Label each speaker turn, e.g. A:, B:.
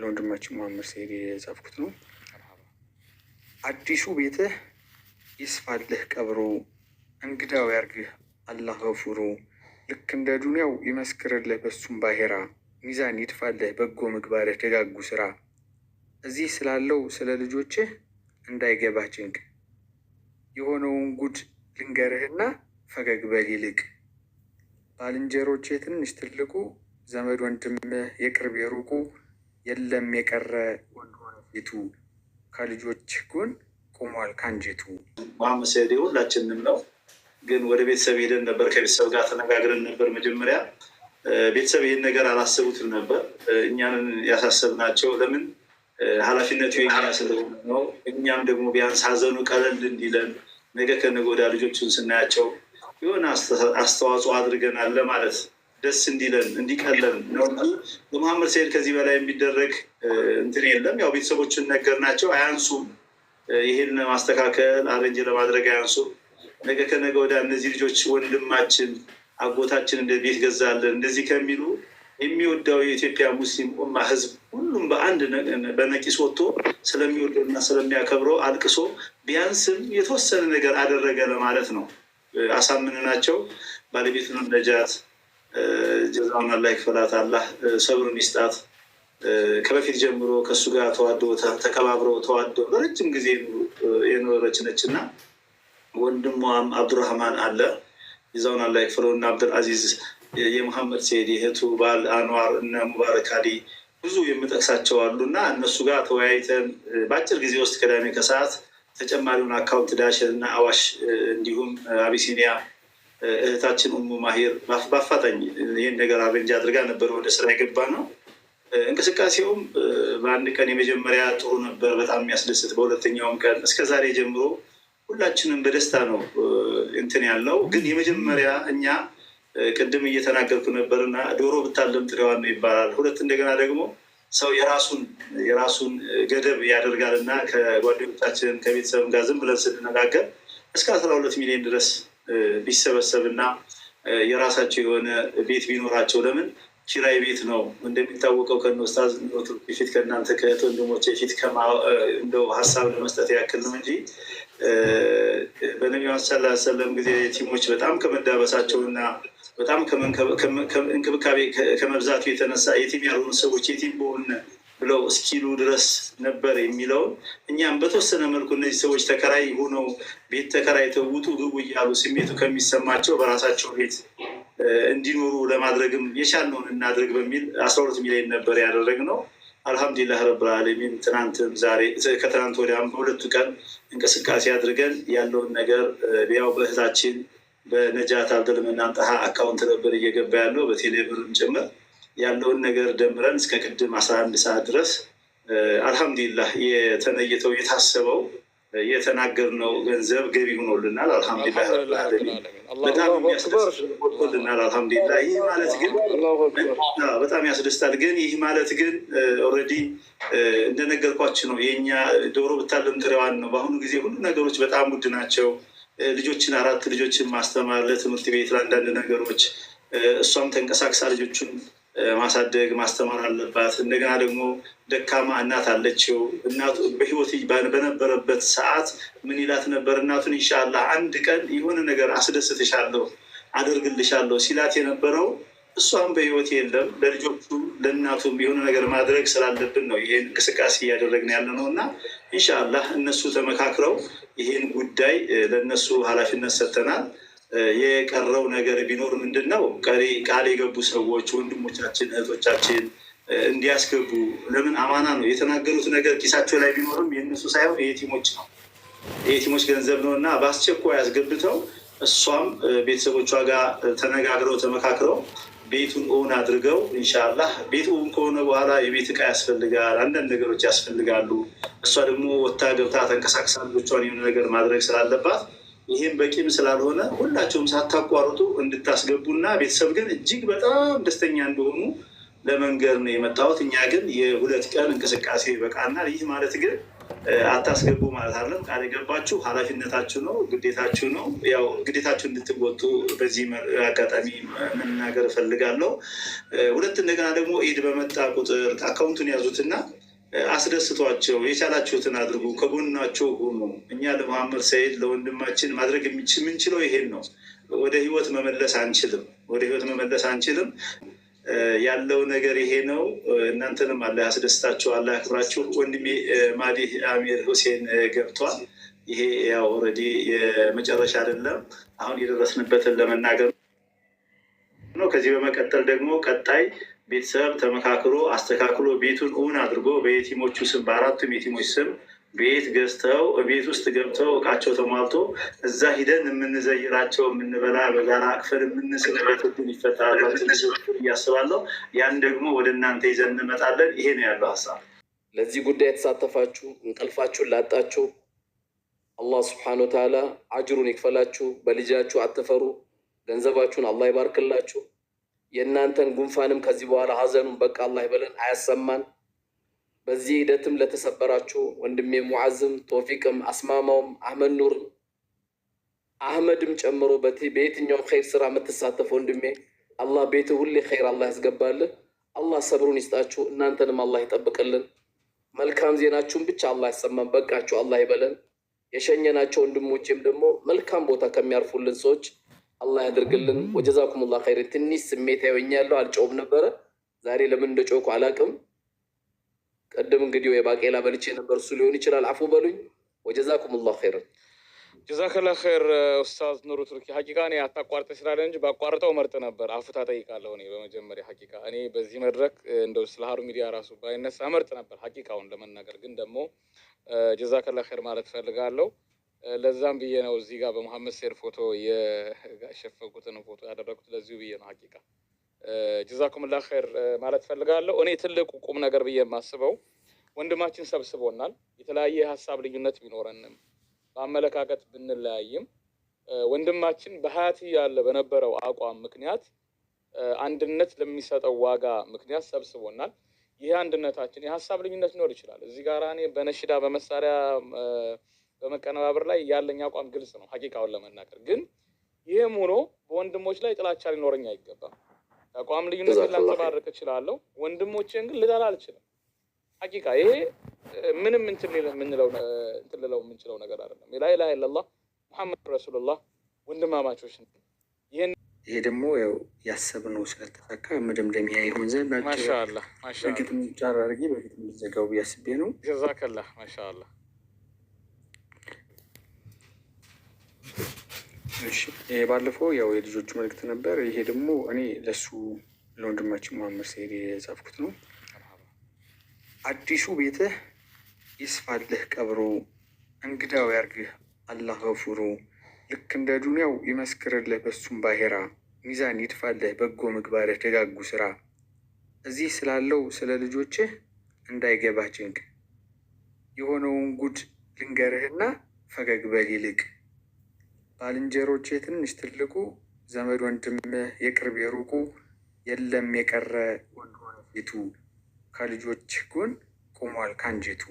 A: ለወንድማችን መሀመድ ሰይድ የጻፍኩት ነው። አዲሱ ቤትህ ይስፋልህ ቀብሮ እንግዳው ያርግህ አላህ ገፉሩ ልክ እንደ ዱንያው ይመስክርልህ በሱም ባሄራ ሚዛን ይድፋልህ በጎ ምግባርህ ደጋጉ ስራ እዚህ ስላለው ስለ ልጆችህ እንዳይገባ ጭንቅ የሆነውን ጉድ ልንገርህና ፈገግ በል ይልቅ ባልንጀሮቼ ትንሽ ትልቁ ዘመድ ወንድምህ የቅርብ የሩቁ የለም የቀረ ፊቱ ከልጆች ጎን ቆሟል ካንጀቱ።
B: ማመሰዴ ሁላችንም ነው፣ ግን ወደ ቤተሰብ ሄደን ነበር። ከቤተሰብ ጋር ተነጋግረን ነበር። መጀመሪያ ቤተሰብ ይህን ነገር አላሰቡትም ነበር። እኛንን ያሳሰብናቸው ለምን ኃላፊነቱ የኛ ስለሆነ ነው። እኛም ደግሞ ቢያንስ ሀዘኑ ቀለል እንዲለን ነገ ከነገ ወዲያ ልጆቹን ስናያቸው የሆነ አስተዋጽኦ አድርገናል ለማለት ደስ እንዲለን እንዲቀለን ኖርማል በመሐመድ ሰይድ ከዚህ በላይ የሚደረግ እንትን የለም። ያው ቤተሰቦችን ነገር ናቸው አያንሱም። ይህን ማስተካከል አረንጅ ለማድረግ አያንሱም። ነገ ከነገ ወዲያ እነዚህ ልጆች ወንድማችን አጎታችን እንደ ቤት ገዛለን እንደዚህ ከሚሉ የሚወዳው የኢትዮጵያ ሙስሊም ኡማ ህዝብ ሁሉም በአንድ በነቂስ ወጥቶ ስለሚወደውና ስለሚያከብረው አልቅሶ ቢያንስም የተወሰነ ነገር አደረገ ለማለት ነው። አሳምንናቸው ባለቤቱን ነጃት ጀዛውን ላይ ይክፈላት፣ አላህ ሰብሩን ይስጣት። ከበፊት ጀምሮ ከእሱ ጋር ተዋዶ ተከባብሮ ተዋዶ ለረጅም ጊዜ የኖረች ነች እና ወንድሟም አብዱራህማን አለ ጀዛውን አላህ ይክፈለው እና አብድልአዚዝ የመሐመድ ሴድ እህቱ ባል አንዋር እነ ሙባረክ አሊ ብዙ የምጠቅሳቸው አሉ እና እነሱ ጋር ተወያይተን በአጭር ጊዜ ውስጥ ቅዳሜ ከሰዓት ተጨማሪውን አካውንት ዳሽን እና አዋሽ እንዲሁም አቢሲኒያ እህታችን ኡሙ ማሄር በአፋጣኝ ይህን ነገር አበንጃ አድርጋ ነበር ወደ ስራ የገባ ነው። እንቅስቃሴውም በአንድ ቀን የመጀመሪያ ጥሩ ነበር፣ በጣም የሚያስደስት። በሁለተኛውም ቀን እስከ ዛሬ ጀምሮ ሁላችንም በደስታ ነው እንትን ያለው። ግን የመጀመሪያ እኛ ቅድም እየተናገርኩ ነበርና ዶሮ ብታለም ጥሬዋን ነው ይባላል። ሁለት እንደገና ደግሞ ሰው የራሱን የራሱን ገደብ ያደርጋል እና ከጓደኞቻችን ከቤተሰብ ጋር ዝም ብለን ስንነጋገር እስከ አስራ ሁለት ሚሊዮን ድረስ ቢሰበሰብና የራሳቸው የሆነ ቤት ቢኖራቸው ለምን ኪራይ ቤት ነው እንደሚታወቀው፣ ከነስታዝ ፊት ከእናንተ ከእህት ወንድሞች ፊት እንደው ሀሳብ ለመስጠት ያክል ነው እንጂ በነቢ ሰላ ሰለም ጊዜ የቲሞች በጣም ከመዳበሳቸውና በጣም እንክብካቤ ከመብዛቱ የተነሳ የቲም ያልሆኑ ሰዎች የቲም በሆነ ብለው እስኪሉ ድረስ ነበር የሚለውን እኛም በተወሰነ መልኩ እነዚህ ሰዎች ተከራይ ሆነው ቤት ተከራይተው ውጡ ግቡ እያሉ ስሜቱ ከሚሰማቸው በራሳቸው ቤት እንዲኖሩ ለማድረግም የቻልነውን እናድርግ በሚል አስራ ሁለት ሚሊዮን ነበር ያደረግነው። አልሐምዱሊላህ ረብል ዓለሚን ትናንትም ዛሬ ከትናንት ወዲያም በሁለቱ ቀን እንቅስቃሴ አድርገን ያለውን ነገር ያው በእህታችን በነጃት አብደልመናን አካውንት ነበር እየገባ ያለው በቴሌብርም ጭምር ያለውን ነገር ደምረን እስከ ቅድም አስራ አንድ ሰዓት ድረስ አልሐምዱሊላህ የተነየተው የታሰበው የተናገርነው ገንዘብ ገቢ ሆኖልናል። አልሐምዱሊላህ በጣም የሚያስደስልናል። አልሐምዱሊላህ ይህ ማለት ግን በጣም ያስደስታል። ግን ይህ ማለት ግን ኦልሬዲ እንደነገርኳችሁ ነው። የእኛ ዶሮ ብታለም ጥሬዋን ነው። በአሁኑ ጊዜ ሁሉ ነገሮች በጣም ውድ ናቸው። ልጆችን አራት ልጆችን ማስተማር ለትምህርት ቤት ለአንዳንድ ነገሮች እሷም ተንቀሳቅሳ ልጆቹን ማሳደግ ማስተማር አለባት። እንደገና ደግሞ ደካማ እናት አለችው። እናቱ በህይወት በነበረበት ሰዓት ምን ይላት ነበር? እናቱን ኢንሻላህ አንድ ቀን የሆነ ነገር አስደስትሻለሁ፣ አደርግልሻለሁ ሲላት የነበረው እሷም በህይወት የለም። ለልጆቹ ለእናቱም የሆነ ነገር ማድረግ ስላለብን ነው ይሄን እንቅስቃሴ እያደረግን ያለ ነው እና ኢንሻላህ እነሱ ተመካክረው ይሄን ጉዳይ ለእነሱ ኃላፊነት ሰጥተናል። የቀረው ነገር ቢኖር ምንድን ነው? ቀሪ ቃል የገቡ ሰዎች ወንድሞቻችን፣ እህቶቻችን እንዲያስገቡ ለምን አማና ነው የተናገሩት ነገር ኪሳቸው ላይ ቢኖርም የእነሱ ሳይሆን የቲሞች ነው የቲሞች ገንዘብ ነው እና በአስቸኳይ አስገብተው እሷም ቤተሰቦቿ ጋር ተነጋግረው ተመካክረው ቤቱን ኦን አድርገው ኢንሻላህ ቤት ኦን ከሆነ በኋላ የቤት እቃ ያስፈልጋል፣ አንዳንድ ነገሮች ያስፈልጋሉ። እሷ ደግሞ ወታ ገብታ ተንቀሳቅሳ ልጆቿን የሆነ ነገር ማድረግ ስላለባት ይህም በቂም ስላልሆነ ሁላቸውም ሳታቋርጡ እንድታስገቡና ቤተሰብ ግን እጅግ በጣም ደስተኛ እንደሆኑ ለመንገር ነው የመጣሁት። እኛ ግን የሁለት ቀን እንቅስቃሴ ይበቃናል። ይህ ማለት ግን አታስገቡ ማለት አለም ቃል የገባችሁ ኃላፊነታችሁ ነው፣ ግዴታችሁ ነው። ያው ግዴታችሁ እንድትወጡ በዚህ አጋጣሚ መናገር እፈልጋለሁ። ሁለት እንደገና ደግሞ ኢድ በመጣ ቁጥር አካውንቱን ያዙትና አስደስቷቸው፣ የቻላችሁትን አድርጉ፣ ከጎናቸው ሁኑ። እኛ ለመሐመድ ሰይድ ለወንድማችን ማድረግ የምንችለው ይሄን ነው። ወደ ህይወት መመለስ አንችልም። ወደ ህይወት መመለስ አንችልም። ያለው ነገር ይሄ ነው። እናንተንም አለ ያስደስታችሁ፣ አለ ያክብራችሁ። ወንድሜ ማዲ አሚር ሁሴን ገብቷል። ይሄ ያው ኦልሬዲ የመጨረሻ አይደለም፣ አሁን የደረስንበትን ለመናገር ነው። ከዚህ በመቀጠል ደግሞ ቀጣይ ቤተሰብ ተመካክሮ አስተካክሎ ቤቱን እውን አድርጎ በየቲሞቹ ስም በአራቱም የቲሞች ስም ቤት ገዝተው ቤት ውስጥ ገብተው እቃቸው ተሟልቶ እዛ ሂደን የምንዘይራቸው የምንበላ በጋራ አቅፈን የምንስቅበት ሁሉን ይፈጠራል እያስባለሁ። ያን ደግሞ ወደ እናንተ ይዘን እንመጣለን። ይሄ ነው ያለው ሀሳብ።
C: ለዚህ ጉዳይ የተሳተፋችሁ እንቅልፋችሁን ላጣችሁ አላህ ስብሐነ ወተዓላ አጅሩን ይክፈላችሁ። በልጃችሁ አትፈሩ። ገንዘባችሁን አላህ ይባርክላችሁ። የእናንተን ጉንፋንም ከዚህ በኋላ ሀዘኑን በቃ አላህ ይበለን አያሰማን። በዚህ ሂደትም ለተሰበራችሁ ወንድሜ ሙዓዝም ቶፊቅም አስማማውም አህመድ ኑር አህመድም ጨምሮ በየትኛውም ኸይር ስራ የምትሳተፍ ወንድሜ አላህ ቤት ሁሌ ኸይር አላህ ያስገባልን። አላህ ሰብሩን ይስጣችሁ፣ እናንተንም አላህ ይጠብቅልን። መልካም ዜናችሁን ብቻ አላህ ያሰማን። በቃችሁ አላህ ይበለን። የሸኘናቸው ወንድሞቼም ደግሞ መልካም ቦታ ከሚያርፉልን ሰዎች አላህ ያደርግልን። ወጀዛኩሙላህ ኸይር። ትንሽ ስሜት ያወኛለሁ አልጨውም ነበረ። ዛሬ ለምን እንደጨውኩ አላቅም። ቀደም እንግዲህ የባቄላ በልቼ ነበር፣ እሱ ሊሆን ይችላል። አፉ በሉኝ። ወጀዛኩሙላህ ኸይር።
D: ጀዛከላ ኸይር ኡስታዝ ኑሩ ቱርኪ። ሀቂቃ እኔ አታቋርጠ ስላለ እንጂ ባቋርጠው መርጥ ነበር። አፉታ ጠይቃለሁ እኔ በመጀመሪያ ሀቂቃ እኔ በዚህ መድረክ እንደው ስለ ሀሩ ሚዲያ ራሱ ባይነሳ መርጥ ነበር ሀቂቃውን ለመናገር ግን ደግሞ ጀዛከላ ኸይር ማለት ፈልጋለሁ። ለዛም ብዬ ነው እዚህ ጋር በመሐመድ ሴር ፎቶ የሸፈኩትን ፎቶ ያደረግኩት ለዚሁ ብዬ ነው። ሀቂቃ ጅዛኩም ላ ኸይር ማለት ፈልጋለሁ። እኔ ትልቁ ቁም ነገር ብዬ የማስበው ወንድማችን ሰብስቦናል። የተለያየ ሀሳብ ልዩነት ቢኖረንም በአመለካከት ብንለያይም ወንድማችን በሀያት ያለ በነበረው አቋም ምክንያት አንድነት ለሚሰጠው ዋጋ ምክንያት ሰብስቦናል። ይህ አንድነታችን የሀሳብ ልዩነት ሊኖር ይችላል። እዚህ ጋር እኔ በነሽዳ በመሳሪያ በመቀነባበር ላይ ያለኝ አቋም ግልጽ ነው። ሀቂቃውን ለመናገር ግን ይህም ሆኖ በወንድሞች ላይ ጥላቻ ሊኖረኝ አይገባም። አቋም ልዩነት ላንጸባርቅ እችላለሁ። ወንድሞችን ግን ልጠላ አልችልም። ሀቂቃ ይሄ ምንም እንትን ልለው የምንችለው ነገር አይደለም። ላ ኢላሀ ኢለላህ ሙሐመድ ረሱሉላህ ወንድማማቾች
C: ይሄ ደግሞ ያው ያሰብነው ስለተሳካ መደምደሚያ ይሆን ዘንድ
D: ማሻላ ማሻአላህ በግጥም
C: ጫር አድርጌ በግጥም ልዘጋው ብዬ አስቤ ነው።
D: ጀዛከላህ ማሻላ
A: ይሄ ባለፈው ያው የልጆቹ መልክት ነበር። ይሄ ደግሞ እኔ ለሱ ለወንድማችን መሀመድ ሰይድ የጻፍኩት ነው። አዲሱ ቤትህ ይስፋልህ ቀብሮ እንግዳው ያርግህ አላህ ገፉሩ ልክ እንደ ዱንያው ይመስክርልህ በሱም ባሄራ ሚዛን ይድፋልህ በጎ ምግባርህ ደጋጉ ስራ እዚህ ስላለው ስለ ልጆችህ እንዳይገባ ጭንቅ የሆነውን ጉድ ልንገርህና ፈገግ በል ይልቅ ባልንጀሮቼ ትንሽ ትልቁ ዘመድ ወንድም የቅርብ የሩቁ የለም የቀረ ወንድ ሆነ ፊቱ ከልጆች ጎን ቆሟል ካንጀቱ።